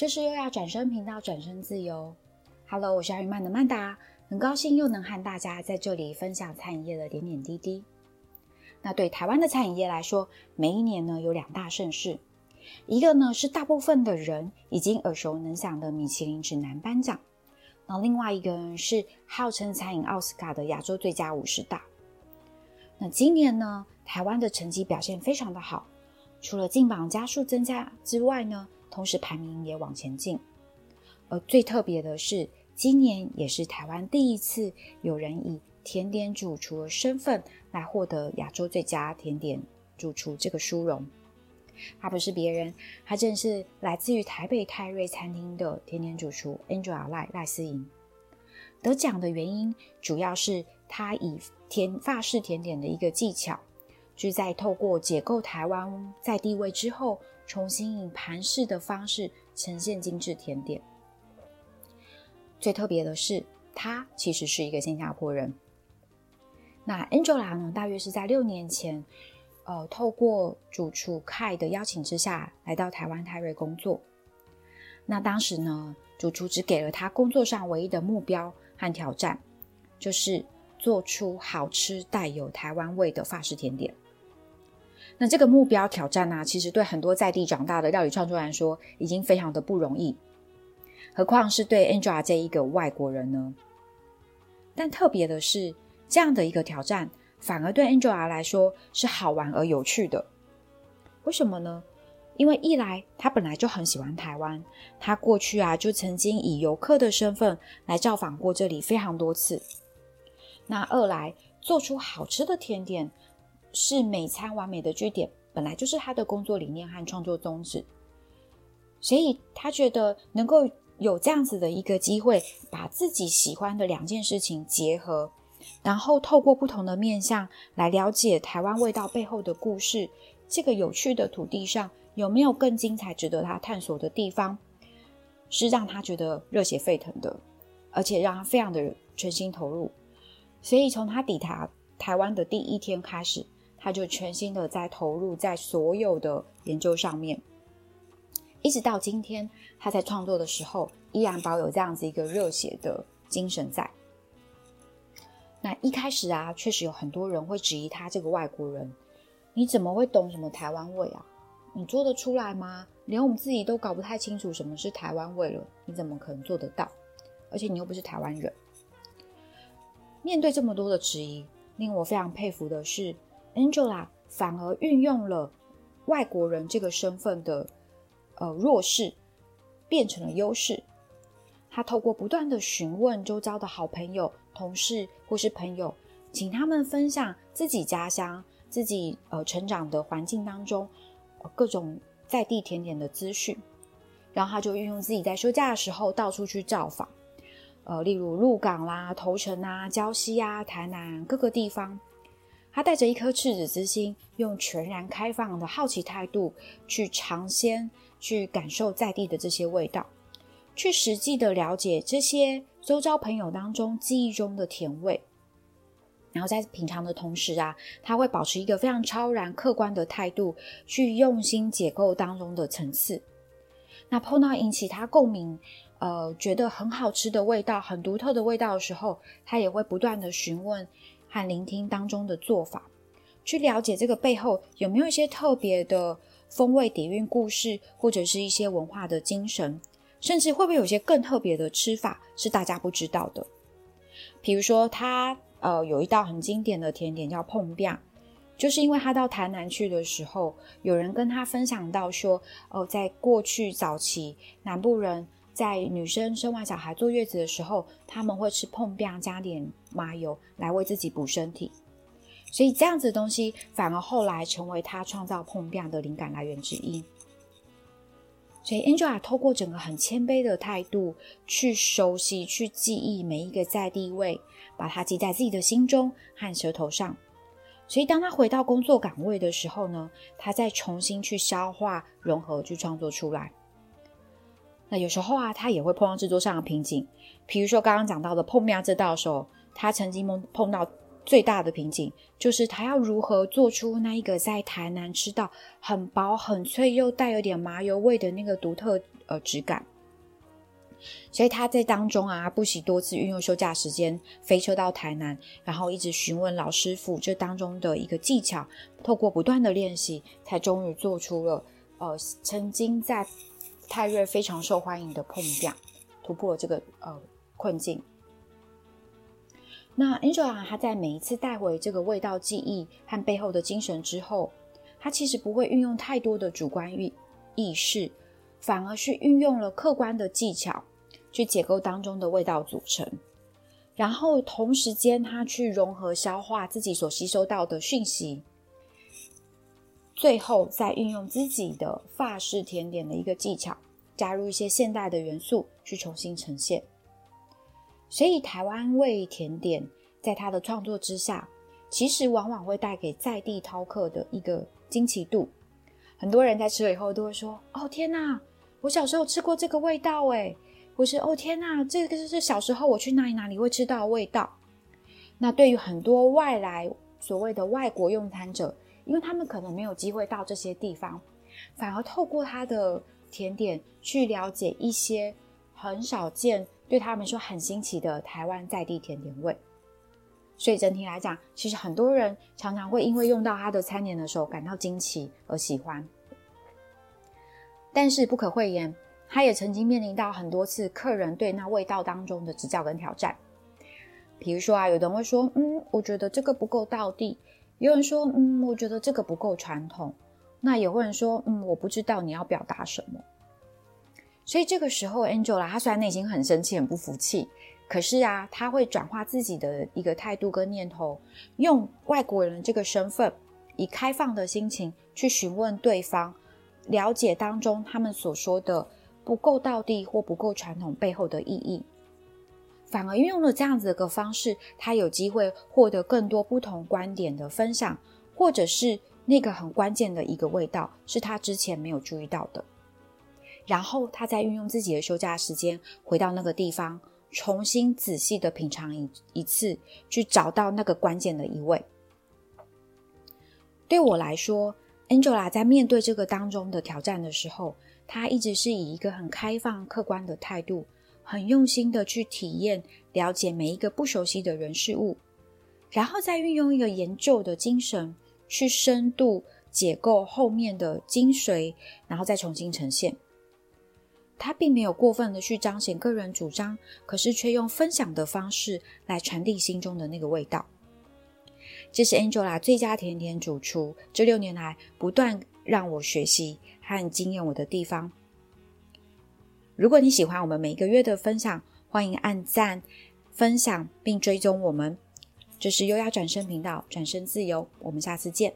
這是又要轉身頻道，轉身自由。Hello，我是艾宇曼的曼達，很高興又能和大家在這裡分享餐飲業的點點滴滴。那對台灣的餐飲業來說，每一年呢有兩大盛事，一個呢是大部分的人已經耳熟能詳的米其林指南頒獎，那另外一個人是號稱餐飲奧斯卡的亞洲最佳五十大。那今年呢，台灣的成績表現非常的好，除了進榜加速增加之外呢。同時排名也往前進，而最特別的是，今年也是台灣第一次有人以甜點主廚的身份來獲得亞洲最佳甜點主廚這個殊榮。他不是別人，他正是來自於台北泰瑞餐廳的甜點主廚 Angela 賴賴思瑩。得獎的原因主要是他以甜法式甜點的一個技巧，就是在透過解構台灣在地位之後。重新以盤式的方式呈現精致甜點。最特別的是，他其實是一個新加坡人。那 Angela 呢？大約是在六年前，呃，透過主廚 Kai 的邀請之下，來到台灣泰瑞工作。那當時呢，主廚只給了他工作上唯一的目標和挑戰，就是做出好吃帶有台灣味的法式甜點。那這個目標挑戰呢、啊,其實對很多在地長大的料理創作來說，已經非常的不容易，何況是對 Angela 這一個外國人呢？但特別的是，這樣的一個挑戰，反而對 Angela 來說是好玩而有趣的。為什麼呢？因為一來，他本來就很喜歡台灣，他過去啊就曾經以遊客的身份來造訪過這裡非常多次。那二來，做出好吃的甜點，是每餐完美的句點，本來就是他的工作理念和創作宗旨，所以他覺得能夠有這樣子的一個機會，把自己喜歡的兩件事情結合，然後透過不同的面向來了解台灣味道背後的故事，這個有趣的土地上有沒有更精彩值得他探索的地方，是讓他覺得熱血沸騰的，而且讓他非常的全心投入。所以從他抵達台灣的第一天開始。他就全心的在投入在所有的研究上面，一直到今天，他在創作的時候依然保有這樣子一個熱血的精神在。那一開始啊，確實有很多人會質疑他這個外國人，你怎麼會懂什麼台灣味啊？你做得出來嗎？連我們自己都搞不太清楚什麼是台灣味了，你怎麼可能做得到？而且你又不是台灣人。面對這麼多的質疑，令我非常佩服的是。Angela 反而運用了外國人這個身份的呃弱勢，變成了優勢。他透過不斷的詢問周遭的好朋友、同事或是朋友，請他們分享自己家鄉、自己呃成長的環境當中、呃、各種在地甜點的資訊，然後他就運用自己在休假的時候到處去造訪，呃，例如鹿港啦、啊、頭城啊、礁溪啊、台南各個地方。他帶着一顆赤子之心，用全然開放的好奇態度去嘗鮮，去感受在地的這些味道，去實際的了解這些周遭朋友當中記憶中的甜味。然後在品嘗的同時啊，他會保持一個非常超然客觀的態度，去用心解構當中的層次。那碰到引起他共鳴，呃，覺得很好吃的味道、很獨特的味道的時候，他也會不斷的詢問。和聆聽當中的做法，去了解這個背後有沒有一些特別的風味底蘊故事，或者是一些文化的精神，甚至會不會有些更特別的吃法是大家不知道的？比如說，他呃有一道很經典的甜點叫椪餅，就是因為他到台南去的時候，有人跟他分享到說，哦、呃，在過去早期南部人。在女生生完小孩坐月子的時候，他們會吃椪餅，加點麻油來為自己補身體。所以這樣子的東西，反而後來成為他創造椪餅的靈感來源之一。所以 Angela 透過整個很謙卑的態度去熟悉、去記憶每一個在地味，把它記在自己的心中和舌頭上。所以當他回到工作崗位的時候呢，他再重新去消化、融合、去創作出來。那有時候啊，他也會碰到製作上的瓶頸，比如說剛剛講到的椪餅這道的時候，他曾經碰碰到最大的瓶頸，就是他要如何做出那一個在台南吃到很薄、很脆又帶有點麻油味的那個獨特呃質感。所以他在當中啊，不惜多次運用休假時間飛車到台南，然後一直詢問老師傅這當中的一個技巧，透過不斷的練習，才終於做出了呃曾經在。泰瑞非常受歡迎的碰掉，突破了這個呃困境。那 Angela 他在每一次帶回這個味道記憶和背後的精神之後，他其實不會運用太多的主觀意意識，反而是運用了客觀的技巧去解構當中的味道組成，然後同時間他去融合消化自己所吸收到的訊息。最後再運用自己的法式甜點的一個技巧，加入一些現代的元素去重新呈現。所以台灣味甜點在他的創作之下，其實往往會帶給在地饕客的一個驚奇度。很多人在吃了以後都會說：“哦天哪、啊，我小時候吃過這個味道哎、欸！”或是“哦天哪、啊，這個就是小時候我去哪裡哪裡會吃到味道。”那對於很多外來所謂的外國用餐者。因為他們可能沒有機會到這些地方，反而透過他的甜點去了解一些很少見、對他們說很新奇的台灣在地甜點味。所以整體來講，其實很多人常常會因為用到他的餐點的時候感到驚奇而喜歡。但是不可諱言，他也曾經面臨到很多次客人對那味道當中的指教跟挑戰。比如說啊，有人會說：“嗯，我覺得這個不夠道地。”有人說，嗯，我覺得這個不夠傳統。那也有人說，嗯，我不知道你要表達什麼。所以這個時候，Angela 啊，她雖然內心很生氣、很不服氣，可是啊，她會轉化自己的一個態度跟念頭，用外國人這個身份，以開放的心情去詢問對方，了解當中他們所說的不夠道地或不夠傳統背後的意義。反而運用了這樣子的一個方式，他有機會獲得更多不同觀點的分享，或者是那個很關鍵的一個味道是他之前沒有注意到的。然後他再運用自己的休假時間回到那個地方，重新仔細的品嘗一一次，去找到那個關鍵的一味。對我來說，Angela 在面對這個當中的挑戰的時候，他一直是以一個很開放、客觀的態度。很用心的去體驗、了解每一個不熟悉的人事物，然後再運用一個研究的精神去深度解構後面的精髓，然後再重新呈現。他並沒有過分的去彰顯個人主張，可是卻用分享的方式來傳遞心中的那個味道。這是 Angela 最佳甜點主廚，這六年來不斷讓我學習和驚豔我的地方。如果你喜歡我們每一個月的分享，歡迎按贊、分享並追蹤我們。這是優雅轉身頻道，轉身自由，我們下次見。